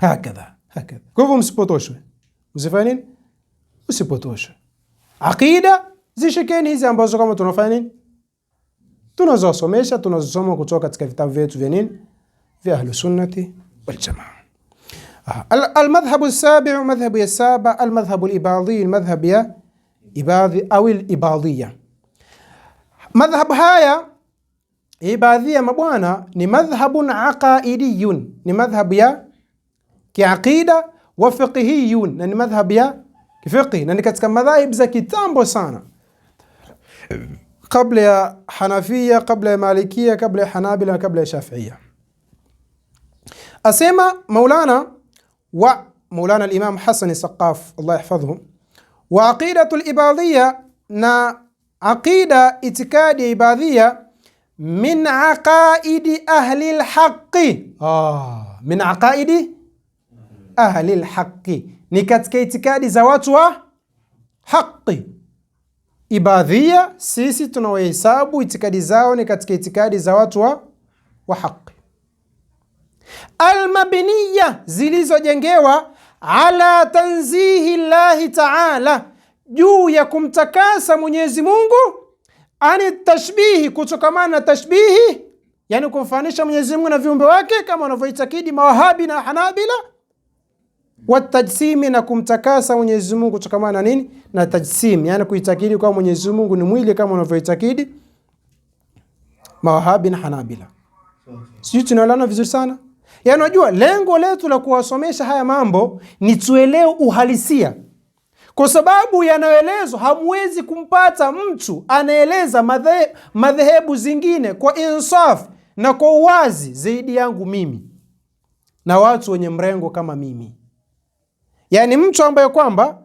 هكذا هكذا كلهم سبوتوشوا وزفانين وسبوتوشوا عقيدة زي shekeni hizi ambazo kama tunafanya nini tunazosomesha tunazosoma kutoka katika vitabu vyetu vya nini vya ahlusunnati waljamaa المذهب السابع مذهب السابع المذهب الإباضي المذهب يا إباضي أو الإباضية مذهب هايا إباضية مبوانا ni madhhabun aqaidiyun ni madhhabu ya كعقيدة وفقهيون لأن مذهب يا فقهي لأن كتك مذاهب زكي تامبو سانا قبل يا حنفية قبل يا مالكية قبل يا حنابلة قبل يا شافعية أسيما مولانا و مولانا الإمام حسن السقاف الله يحفظه وعقيدة الإباضية نا عقيدة اتكاد إباضية من عقائد أهل الحق آه من عقائد ahli lhaqi, ni katika itikadi za watu wa haqi. Ibadhia sisi tunawahesabu itikadi zao ni katika itikadi za watu wa, wa haqi. Almabniya, zilizojengewa ala tanzihi llahi taala, juu ya kumtakasa Mwenyezi Mungu ani tashbihi, kutokamana na tashbihi, yani kumfanisha Mwenyezi Mungu na viumbe wake kama wanavyoitakidi Mawahabi na Hanabila watajsimi na kumtakasa Mwenyezi Mungu kutokana na nini? Na tajsim, yani kuitakidi kwa Mwenyezi Mungu ni mwili kama unavyoitakidi Mawahabi na Hanabila. Sisi tunaelewana vizuri sana. Yaani unajua lengo letu la kuwasomesha haya mambo ni tuelewe uhalisia. Kwa sababu yanayoelezwa hamwezi kumpata mtu anaeleza madhe, madhehebu zingine kwa insaf na kwa uwazi zaidi yangu mimi na watu wenye mrengo kama mimi yaani mtu ambaye kwamba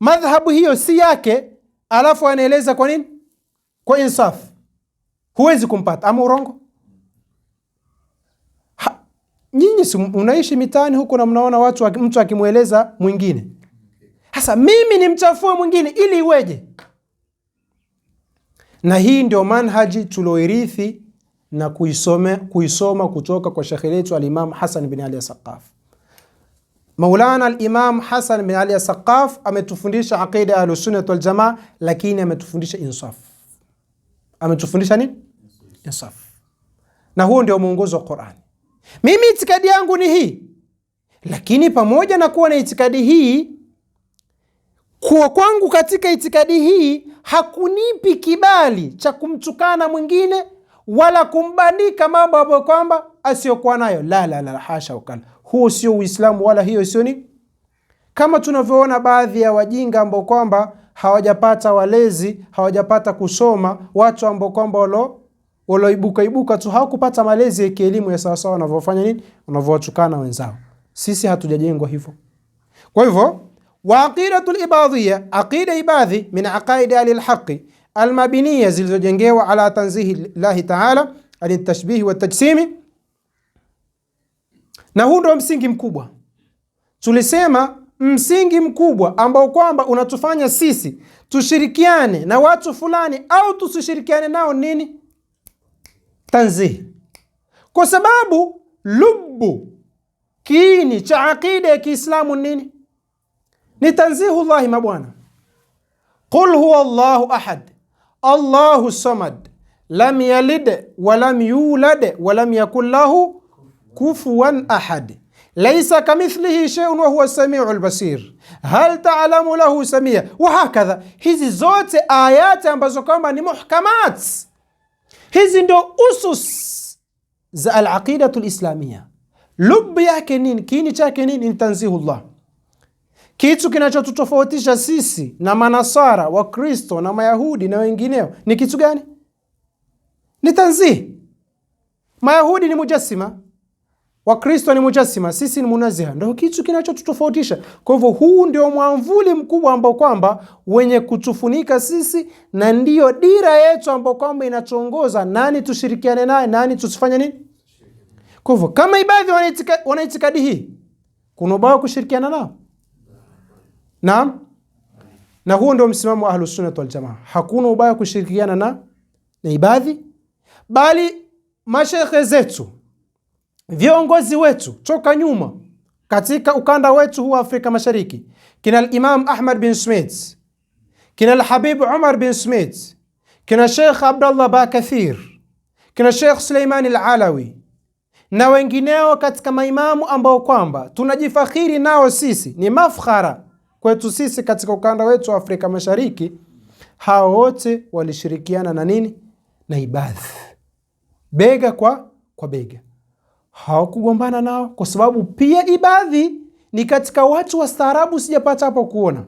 madhhabu hiyo si yake, alafu anaeleza kwa nini, kwa insaf, huwezi kumpata ama urongo. Nyinyi si unaishi mitaani huko na mnaona watu, mtu akimweleza mwingine, sasa mimi nimchafue mwingine ili iweje? Na hii ndio manhaji tulioirithi na kuisoma kutoka kwa shekhe letu Alimam Hasan bin Ali Saqaf. Maulana al-Imam Hasan bin Ali Saqaf ametufundisha aqida ya Ahlusunnat wal Jamaa, lakini ametufundisha insaf. Ametufundisha nini? Insaf. Na huo ndio mwongozo wa Qur'an. Mimi itikadi yangu ni hii, lakini pamoja na kuwa na itikadi hii, kuwa kwangu katika itikadi hii hakunipi kibali cha kumtukana mwingine wala kumbandika mambo ambayo kwamba asiyokuwa nayo. La, la, la, hasha wakala huo sio Uislamu wala hiyo sio ni kama tunavyoona baadhi ya wajinga ambao kwamba hawajapata walezi, hawajapata kusoma, watu ambao kwamba walo waloibuka ibuka tu hawakupata malezi ya kielimu ya sawa sawa, wanavyofanya nini, wanavyowatukana wenzao. Sisi hatujajengwa hivyo. Kwa hivyo wa aqidatul ibadhiyya, aqida ibadhi min aqaidi ahli alhaqi almabiniya, zilizojengewa ala tanzihi llahi taala an wa tajsimi na huu ndo msingi mkubwa tulisema, msingi mkubwa ambao kwamba unatufanya sisi tushirikiane na watu fulani au tusishirikiane nao, nini? Tanzihi, kwa sababu lubu kiini cha aqida ya Kiislamu nini? Ni llahi mabwana. Qul huwa llahu ahad allahu samad lam yalid walam yulad walam yakun lahu kufuwan ahad laisa kamithlihi sheiun wa samiu lbasir hal talamu lahu samia wahakadha Hizi zote ayati ambazo kwamba ni muhkamat, hizi ndo usus za alaqidatu lislamia. Lubu yake nini? Kiini chake nini? Ni tanzihu llah Kitu kinachotutofautisha sisi na manasara Wakristo na Mayahudi na wengineo ni kitu gani? Ni tanzihi. Mayahudi ni mujasima Wakristo ni mujasima, sisi ni munazia, ndio kitu kinachotutofautisha. Kwa hivyo huu ndio mwamvuli mkubwa ambao kwamba wenye kutufunika sisi, na ndiyo dira yetu ambao kwamba inatuongoza nani tushirikiane naye, nani tusifanye nini. Kwa hivyo kama ibadhi wanaitikadi hii, kuna ubaya kushirikiana nao. na, na huo ndio msimamo wa Ahlusunnat Waljamaa, hakuna ubaya kushirikiana na na ibadhi, bali mashekhe zetu viongozi wetu toka nyuma katika ukanda wetu huu wa Afrika Mashariki kina al-Imam Ahmad bin Smith, kina al-Habib Umar bin Smith, kina Sheikh Abdallah Bakathir, kina Sheikh Suleiman al-Alawi na wengineo katika maimamu ambao kwamba tunajifakhiri nao sisi, ni mafkhara kwetu sisi katika ukanda wetu wa Afrika Mashariki. Hao wote walishirikiana na nini? Na ibadhi, bega kwa kwa bega hawakugombana nao, kwa sababu pia Ibadhi ni katika watu wastaarabu. Sijapata hapo kuona,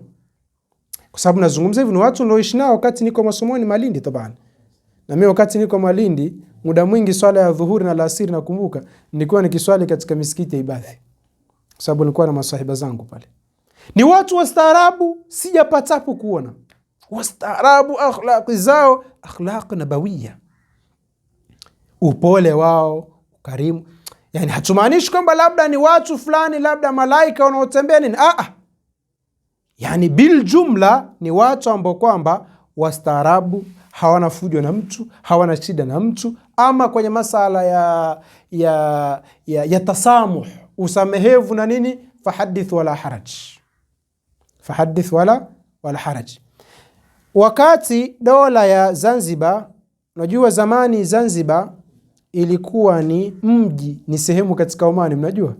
kwa sababu nazungumza hivi ni watu nilioishi nao wakati niko masomoni Malindi tabani, na mimi wakati niko Malindi muda mwingi swala ya dhuhuri na alasiri, nakumbuka nilikuwa nikiswali katika misikiti ya Ibadhi kwa sababu nilikuwa na masahiba zangu pale. Ni watu wastaarabu, sijapatapo kuona wastaarabu, akhlaqi zao akhlaqi nabawia, upole wao, ukarimu yani hatumaanishi kwamba labda ni watu fulani, labda malaika wanaotembea nini, ah, ah, yani bil jumla ni watu ambao kwamba wastaarabu, hawana fujo na mtu, hawana shida na mtu. Ama kwenye masala ya, ya, ya, ya tasamuh, usamehevu na nini, fahadith wala haraj, fahadith wala, wala haraj. Wakati dola ya Zanzibar, unajua zamani Zanzibar ilikuwa ni mji, ni sehemu katika Omani, mnajua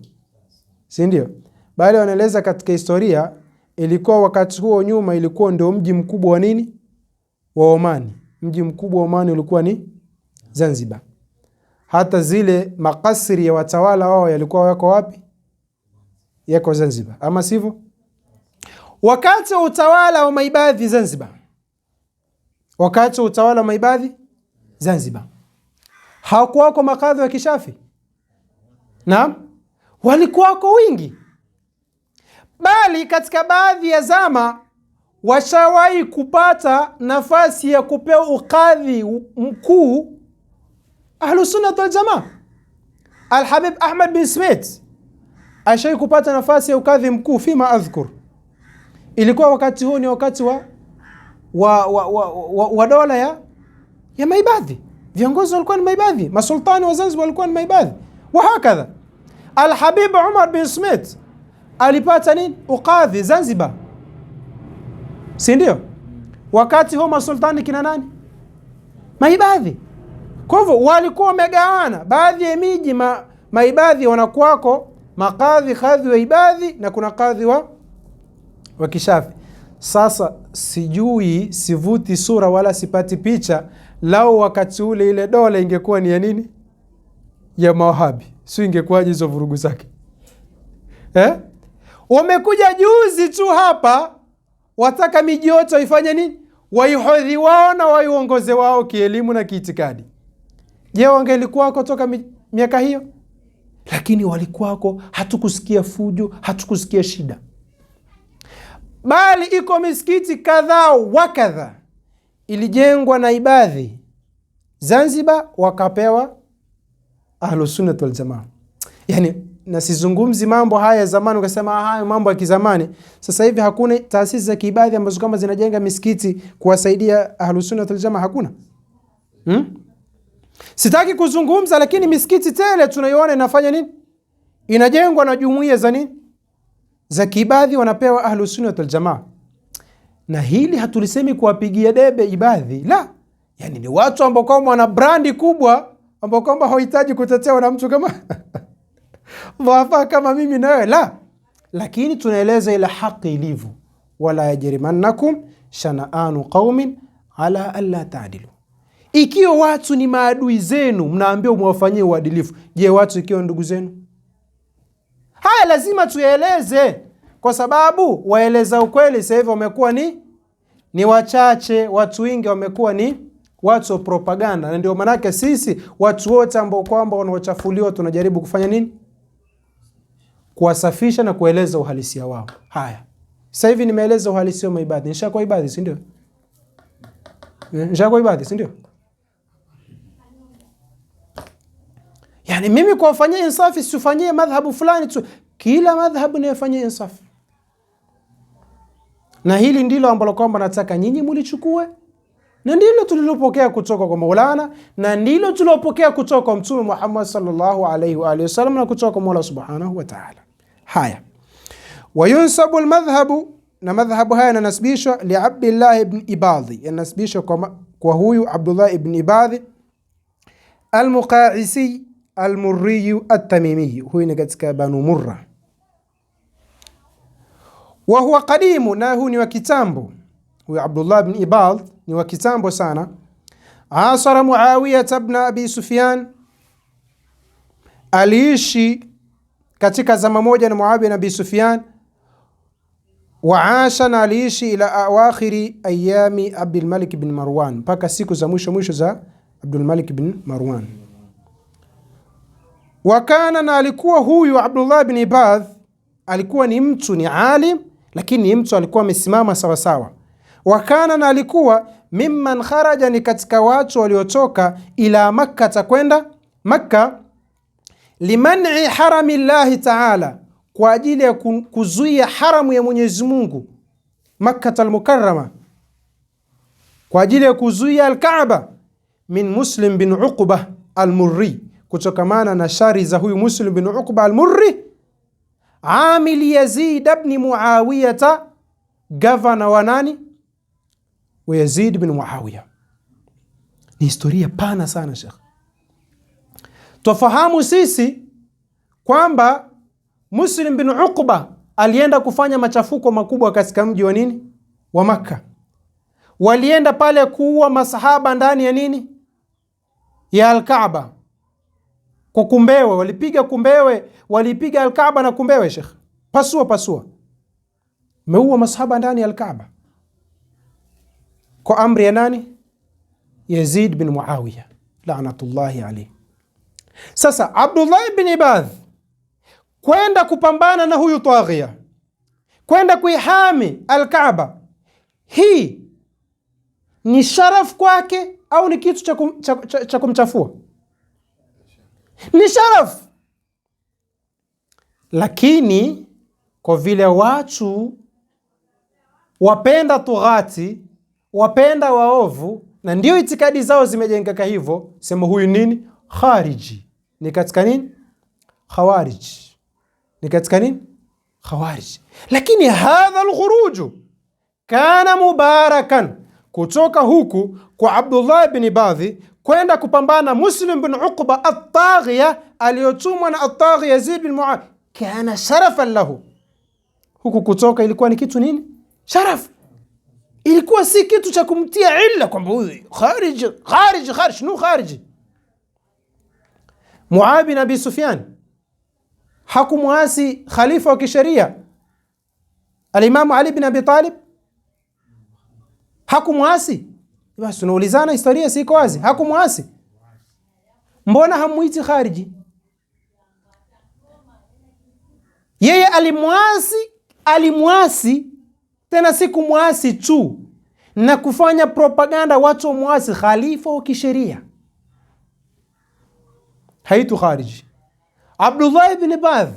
si ndio? Bali wanaeleza katika historia ilikuwa wakati huo nyuma ilikuwa ndio mji mkubwa wa nini wa Omani. Mji mkubwa wa Omani ulikuwa ni Zanzibar. Hata zile makasri ya watawala wao yalikuwa yako wapi? Yako Zanzibar, ama sivyo? Wakati wa utawala wa maibadhi Zanzibar, wakati wa utawala wa maibadhi Zanzibar hawakuwako makadhi wa kishafi? Naam, walikuwako wingi, bali katika baadhi ya zama washawahi kupata nafasi ya kupewa ukadhi mkuu Ahlusunnat Waljamaa. Alhabib Ahmad bin smit ashawahi kupata nafasi ya ukadhi mkuu fima adhkur, ilikuwa wakati huu ni wakati wa, wa, wa, wa, wa, wa dola ya, ya Maibadhi viongozi walikuwa ni maibadhi, masultani wa Zanzibar walikuwa ni maibadhi wa hakadha. Alhabib Umar bin Smith alipata nini? Ukadhi Zanzibar, si ndio? Wakati huo masultani kina nani? Maibadhi. Kwa hivyo walikuwa wamegawana baadhi ya miji ma, maibadhi wanakuwako makadhi kadhi wa ibadhi na kuna kadhi wa, wa kishafi. Sasa sijui, sivuti sura wala sipati picha lau wakati ule ile dola ingekuwa ni ya nini, ya mawahabi, si ingekuwaje hizo vurugu zake eh? Wamekuja juzi tu hapa, wataka miji yote waifanye nini, waihodhi wao na waiongoze wao kielimu na kiitikadi. Je, wangelikuwako toka mi, miaka hiyo? Lakini walikuwako, hatukusikia fujo, hatukusikia shida, bali iko misikiti kadhaa wa kadhaa ilijengwa na Ibadhi Zanzibar, wakapewa Ahlusunnat Waljamaa. Yani nasizungumzi mambo haya ya zamani, ukasema hayo mambo ya kizamani. Sasa hivi hakuna taasisi za kiibadhi ambazo kama zinajenga misikiti kuwasaidia Ahlusunnat Waljamaa, hakuna hmm? Sitaki kuzungumza, lakini misikiti tele tunaiona inafanya nini, inajengwa na jumuiya za nini, za kiibadhi, wanapewa Ahlusunnat Waljamaa na hili hatulisemi kuwapigia debe Ibadhi, la, yani ni watu ambao kwamba wana brandi kubwa ambao kwamba hawahitaji kutetewa na mtu kama dhaafa kama mimi na wewe, la, lakini tunaeleza ila haki ilivyo, wala yajrimannakum shanaanu qaumin ala alla taadilu ikiwa watu ni maadui zenu, mnaambia mwafanyie uadilifu. Je, watu ikiwa ndugu zenu? Haya lazima tuyaeleze kwa sababu waeleza ukweli sasa hivi wamekuwa ni ni wachache. Watu wengi wamekuwa ni watu wa propaganda, na ndio maanake sisi watu wote ambao kwamba wanaochafuliwa tunajaribu kufanya nini? Kuwasafisha na kueleza uhalisia wao. Haya, sasa hivi nimeeleza uhalisia wa maibadhi. Nishakuwa ibadhi, si ndio? Nishakuwa ibadhi, si ndio? Yani mimi kuwafanyia insafi, siufanyie madhhabu fulani tu, kila madhhabu nayofanyia insafi na hili ndilo ambalo kwamba nataka nyinyi mulichukue na ndilo tulilopokea kutoka kwa Maulana na ndilo tulilopokea kutoka kwa Mtume Muhammad sallallahu alaihi wa alihi wasallam na kutoka kwa Mola subhanahu wa taala. Haya, wayunsabu lmadhhabu, na madhhabu haya yananasibishwa liabdillahi bn Ibadhi, yananasibishwa kwa, kwa huyu Abdullah ibn Ibadhi almuqaisi almurriyu atamimiyi, huyu ni katika Banu Murra wa huwa qadimu, na huu ni wa kitambo. Huyu Abdullah bin Ibad ni wa kitambo sana. Asara Muawiyata bna abi Sufyan, aliishi katika zama moja na Muawiya na abi Sufyan. Waasha, na aliishi ila awakhiri ayami Abdulmalik bin Marwan, mpaka siku za mwisho mwisho za Abdulmalik bin Marwan. Wakana, na alikuwa huyu Abdullah bin Ibad alikuwa ni mtu ni alim lakini mtu alikuwa amesimama sawasawa. Wakana na alikuwa mimman kharaja, ni katika watu waliotoka ila Makka, takwenda Makka, liman'i harami llahi taala, kwa ajili ya kuzuia haramu ya Mwenyezi Mungu Makkata lmukarama kwa ajili ya kuzuia Alkaaba. Min Muslim bin Uqba almurri, kutokamana na shari za huyu Muslim bin Uqba almurri Amil Yazid ibn Muawiyata, gavana wa nani? Wa Yazid bin Muawiya. Ni historia pana sana Sheikh. Twafahamu sisi kwamba Muslim bin Uqba alienda kufanya machafuko makubwa katika mji wa nini wa Makka. Walienda pale kuua masahaba ndani ya nini ya Alkaaba kwa kumbewe, walipiga kumbewe, walipiga alkaba na kumbewe. Shekh, pasua pasua, meua masahaba ndani ya alkaba kwa amri ya nani? Yazid bin Muawiya laanatullahi alaihi. Sasa Abdullahi bin Ibadh kwenda kupambana na huyu taghia, kwenda kuihami Alkaaba, hii ni sharafu kwake au ni kitu cha kumchafua? ni sharafu, lakini kwa vile watu wapenda tughati, wapenda waovu, na ndio itikadi zao zimejengeka hivyo, sema huyu nini khariji, ni katika nini khawariji, ni katika nini khawariji. Lakini hadha lkhuruju kana mubarakan, kutoka huku kwa Abdullah bni Badhi kwenda kupambana Muslim bin Uqba Ataghia aliyotumwa na Ataghia Yazid bin Muawiya, kana sharafan lahu. Huku kutoka ilikuwa ni kitu nini? Sharaf, ilikuwa si kitu cha kumtia illa kwamba huyu kharij kharij kharij. Nu kharij Muawiya bin Abi Sufyan hakumwasi khalifa wa kisheria imam Ali bin Abi Talib hakumwasi basi tunaulizana historia si wazi? Hakumwasi. Mbona hamuiti khariji? Yeye alimwasi, alimwasi tena si kumwasi tu na kufanya propaganda watu wamwasi khalifa wa kisheria, haitu khariji. Abdullah ibn Badh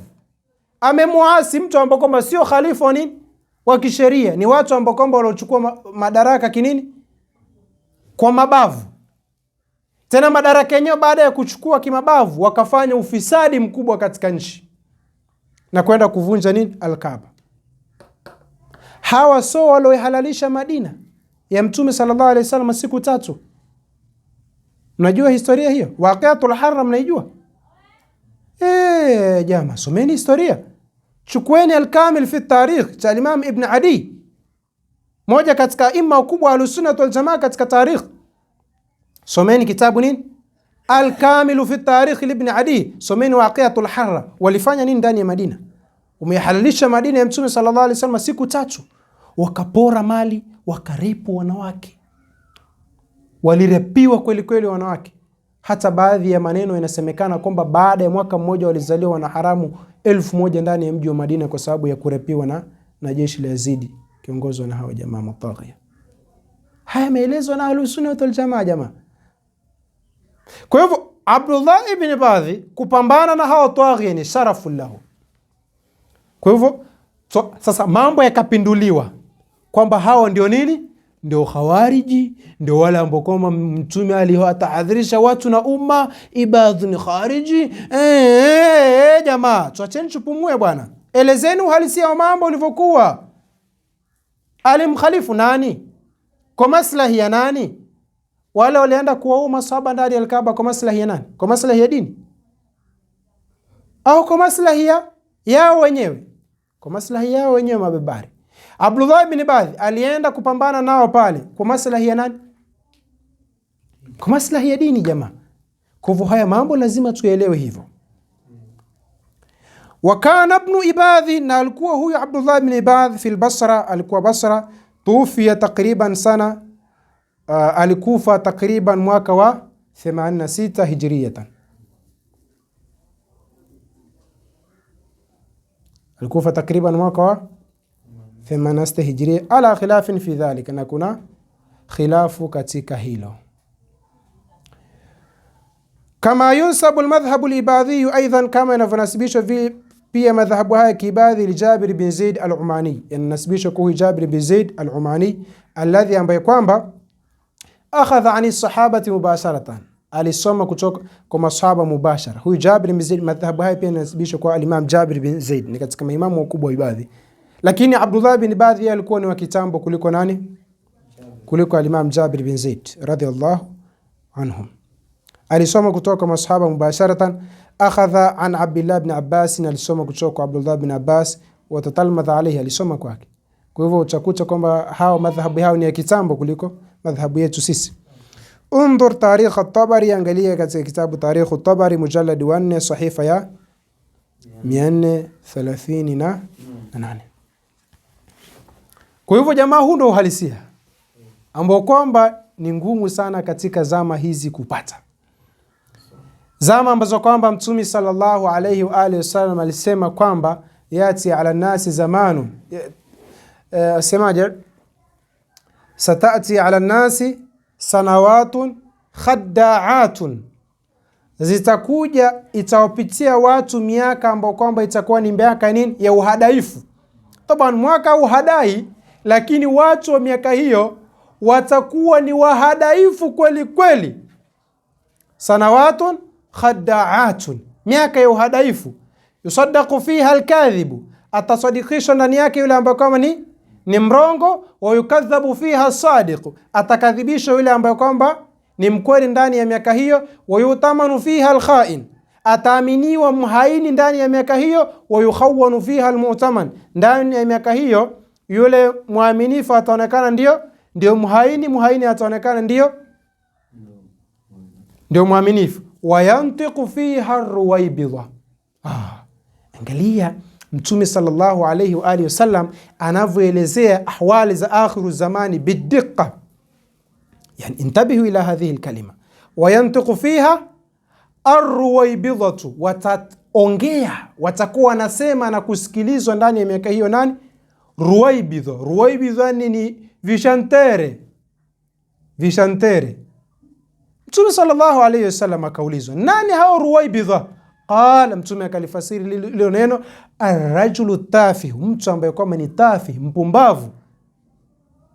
amemwasi mtu ambao kwamba sio khalifa wa nini wa kisheria, ni watu ambao kwamba waliochukua madaraka kinini kwa mabavu, tena madaraka yenyewe baada ya kuchukua kimabavu, wakafanya ufisadi mkubwa katika nchi na kwenda kuvunja nini, Alkaba. Hawa so walioihalalisha Madina ya Mtume sallallahu alaihi wasallam siku tatu. Mnajua historia hiyo, waqiatul Harra mnaijua? Eh, jama, someni historia, chukueni Alkamil fi Tarikh cha Alimam Ibn Adi moja katika imma kubwa ahlusunnat waljamaa katika tarikh. Someni kitabu nini Alkamilu fi tarikh libn Adi, someni waqiatul Harra. Walifanya nini ndani ya Madina? Umehalalisha Madina ya Mtume sallallahu alaihi wasallam siku tatu, wakapora mali, wakarepu wanawake, walirepiwa kweli kweli wanawake. Hata baadhi ya maneno inasemekana kwamba baada ya mwaka mmoja walizaliwa wanaharamu elfu moja ndani ya mji wa Madina kwa sababu ya kurepiwa na, na jeshi la Yazidi kiongozwa na hawa jamaa mutaghia. Haya yameelezwa na Ahlusunna Waljamaa, jamaa. Kwa hivyo Abdullah ibn Badhi kupambana na hawa taghia ni sharafu lahu. Kwa hivyo so, sasa mambo yakapinduliwa kwamba hawa ndio nini? Ndio Khawariji, ndio wale ambao kwamba Mtume aliwatahadharisha watu na umma, ibadhun khariji. Ee, ee, jamaa, twacheni chupumue bwana, elezeni uhalisia wa mambo ulivyokuwa alimkhalifu nani? Kwa maslahi ya nani? Wale walienda kuwaua maswahaba ndani ya Kaaba kwa maslahi ya nani? Kwa maslahi ya dini au kwa maslahi ya yao wenyewe? Kwa maslahi yao wenyewe mabebari. Abdullah bin Badhi alienda kupambana nao pale kwa maslahi ya nani? Kwa maslahi ya dini, jamaa. Kwa hivyo haya mambo lazima tuelewe hivyo. وكان ابن إباذ alikuwa huyu Abdullah ibn Ibadh fi al-Basra, alikuwa Basra. Tuufia takriban sana uh, alikufa takriban mwaka wa 86 hijriyatan, alikufa takriban mwaka wa 86 hijria, ala khilafin fi dhalika, na kuna khilafu katika hilo. Kama yunsabu lmadhhabu libadhiyu, aidan, kama inavyonasibishwa Pia madhahabu haya kibadhi li bin Zaid al-Umani, yanasibishwa kwa Jabir bin Zaid al-Umani alladhi, ambaye kwamba akhadha ani sahabati mubasharatan, alisoma kutoka kwa masahaba mubashara. Huyu Jabir bin Zaid, madhahabu haya pia yanasibishwa kwa al-Imam Jabir bin Zaid, ni katika maimamu wakubwa ibadhi. Lakini Abdullah bin Badhi yeye alikuwa ni wa kitambo kuliko nani? Kuliko al-Imam Jabir bin Zaid radhiallahu anhum, alisoma kutoka kwa masahaba mubasharatan akhadha an Abdullah bin Abbas, alisoma kutoka kwa Abdullah bin Abbas, wa tatalmadha alayhi, alisoma kwake. Kwa hivyo utakuta kwamba hao madhhabu yao ni ya kitambo kuliko madhhabu yetu sisi. Undhur tarikh at-Tabari, angalia katika kitabu Tarikh at-Tabari mujallad wa 4 sahifa ya 438. Kwa hivyo jamaa, huu ndio uhalisia ambao kwamba ni ngumu sana katika zama hizi kupata zama ambazo kwamba Mtume sallallahu alaihi wa alihi wasallam alisema kwamba yati ala nasi zamanu e, eh, semaje satati ala nasi sanawatun khaddaatun, zitakuja itawapitia watu miaka ambao kwamba itakuwa ni miaka nini ya uhadaifu taban, mwaka uhadai, lakini watu wa miaka hiyo watakuwa ni wahadaifu kweli kweli, sanawatun khadaatun, miaka ya uhadaifu. Yusaddaqu fiha alkadhibu, atasadikishwa ndani yake yule ambaye kwamba ni ni mrongo. Wa yukadhabu fiha sadiqu, atakadhibishwa yule ambaye kwamba ni mkweli ndani ya miaka hiyo. Wa yutamanu fiha alkhain, ataaminiwa mhaini ndani ya miaka hiyo. Wa yukhawanu fiha almu'taman, ndani ya miaka hiyo yule mwaminifu ataonekana ndio ndio mhaini, mhaini ataonekana ndio ndio mwaminifu wayantiqu fiha ruwaibidha. Ah, angalia Mtume sallallahu alayhi wa alihi wasallam anavyoelezea ahwali za akhiru zamani bidiqa, yani intabihu ila hadhihi lkalima, wayantiqu fiha arruwaibidhatu, wataongea watakuwa wanasema na kusikilizwa ndani ya miaka hiyo nani? Ruwaibidha. Ruwaibidha ni vishantere, vishantere Mtume sallallahu alayhi wasallam akaulizwa, nani hao Ruwaibidha? Qala, mtume akalifasiri lilo neno arrajulu tafihu, mtu ambaye kwamba ni tafi, mpumbavu.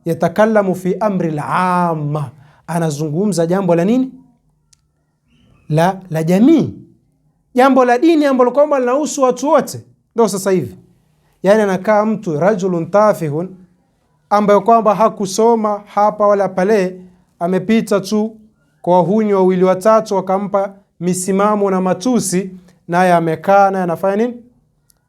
Yatakallamu fi amri lama, anazungumza jambo la nini, la la jamii, jambo la dini ambalo kwamba linahusu watu wote. ndo sasa hivi, yaani anakaa mtu rajulun tafihun ambaye kwamba hakusoma hapa wala pale, amepita tu kwa wahuni wawili watatu, wakampa misimamo na matusi, naye amekaa naye anafanya nini?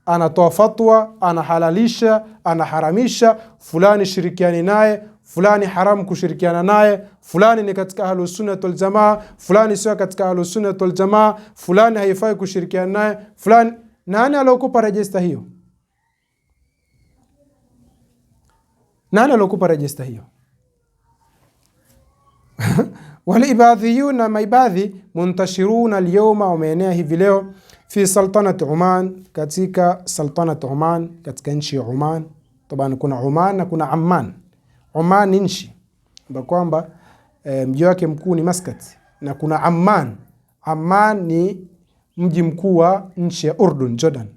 Anatoa fatwa, anahalalisha, anaharamisha, fulani shirikiani naye, fulani haramu kushirikiana naye, fulani ni katika ahlusunnat waljamaa, fulani sio katika ahlusunnat waljamaa, fulani haifai kushirikiana naye, fulani. Nani aliokupa rejista hiyo? Nani aliokupa rejista hiyo? Walibadhiyuna, maibadhi muntashiruna alyawma, wameenea hivi leo fi saltanat Oman, katika saltanat Oman, katika nchi ya Oman. Taban kuna Oman na kuna Amman. Oman ni nchi ambayo kwamba e, mji wake mkuu ni Maskat, na kuna Amman. Amman ni mji mkuu wa nchi ya Urdun, Jordan.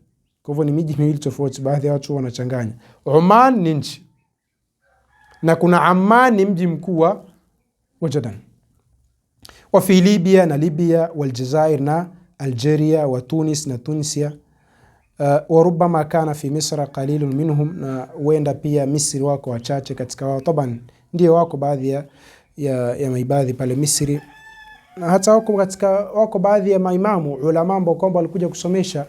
Kwa hivyo ni miji miwili tofauti, baadhi ya watu wanachanganya. Oman ni nchi na kuna Amman ni mji mkuu wa Jordan wa fi Libya na Libya, waljazair na Algeria, wa Tunis na Tunisia, uh, wa rubama kana fi Misra qalilun minhum, na wenda pia Misri wako wachache katika wao taban, ndio wako baadhi ya, ya, ya maibadhi pale Misri na hata wako katika wako baadhi ya maimamu ulama ambao kwamba walikuja kusomesha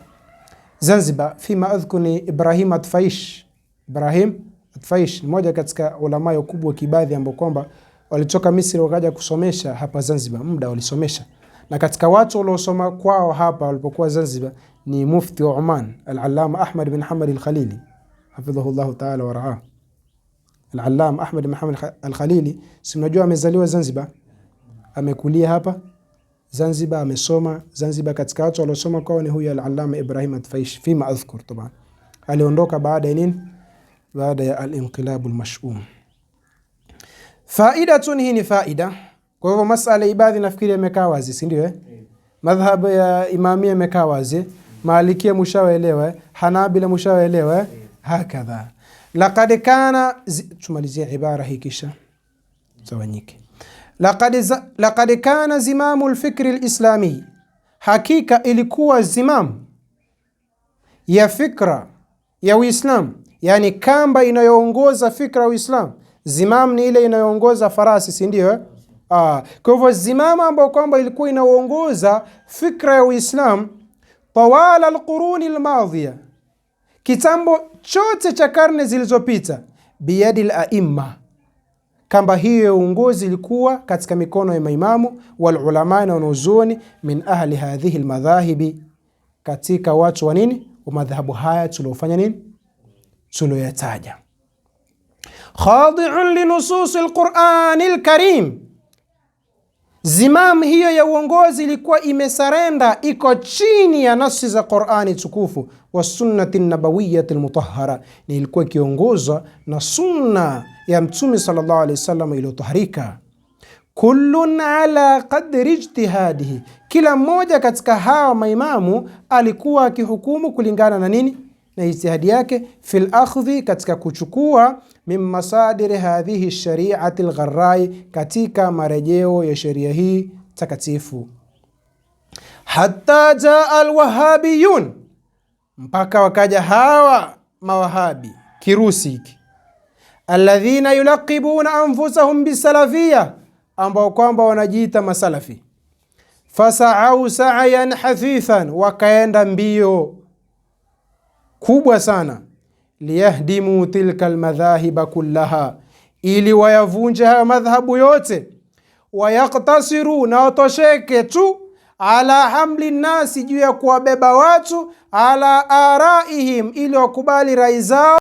Zanzibar. fi adhkur ni Ibrahim Atfaish. Ibrahim Atfaish ni moja katika ulama wakubwa kibadhi ambao kwamba walitoka Misri wakaja kusomesha hapa Zanzibar, muda walisomesha. Na katika watu waliosoma kwao hapa walipokuwa Zanzibar ni mufti wa Oman Al-Allama Ahmad bin Hamad Al-Khalili hafidhahullahu taala wa ra'ah. Al-Allama Ahmad bin Hamad Al-Khalili, si mnajua amezaliwa Zanzibar, amekulia hapa Zanzibar, amesoma Zanzibar. Katika watu waliosoma kwao ni huyu Al-Allama Ibrahim Adfaish fima adhkur taban, aliondoka baada ya nini? Baada ya al-inqilab al-mash'um. Faidatun, hii ni faida. Kwa hivyo masala ibadhi nafikiri yamekaa wazi, si ndio? Eh? Madhhabu ya Imamia yamekaa wazi, Malikia mushawaelewa, eh? Hanabila mushawaelewa, eh? hakadha. Laqad kana, tumalizie ibara hii kisha tawanyike. Laqad kana zimamu lfikri lislami, hakika ilikuwa zimam ya fikra ya uislam yani kamba inayoongoza fikra ya Uislamu Zimam ni ile inayoongoza farasi, si ndio? Ah, kwa hivyo zimam ambayo kwamba ilikuwa inaongoza fikra ya Uislamu tawala alquruni almadhiya, kitambo chote cha karne zilizopita, biyadi alaimma kamba hiyo ya uongozi ilikuwa katika mikono ya maimamu ulama na wanazuoni min ahli hadhihi almadhahibi, katika watu wa nini wa madhahabu haya tuliofanya nini tulioyataja khadi'un linususi alqurani lkarim Zimam hiyo ya uongozi ilikuwa imesarenda, iko chini ya nafsi za Qurani tukufu wa sunnati nabawiyati almutahhara, ni ilikuwa ikiongozwa na sunna ya Mtume sallallahu alaihi wasallam iliyotaharika. Kullun ala qadri ijtihadihi, kila mmoja katika hawa maimamu alikuwa akihukumu kulingana na nini? na ijtihadi yake fil akhdhi, katika kuchukua min masadiri hadhihi shariati lgharai, katika marejeo ya sheria hii takatifu. Hatta jaa alwahabiyun, mpaka wakaja hawa mawahabi kirusi hiki alladhina yulaqibuna anfusahum bisalafia, ambao kwamba wanajiita masalafi. Fasaau saayan hafifan, wakaenda mbio kubwa sana, liyahdimu tilka almadhahiba kullaha, ili wayavunje hayo madhhabu yote, wayaktasiru, na watosheke tu ala hamli nnasi, juu ya kuwabeba watu, ala araihim, ili wakubali rai zao.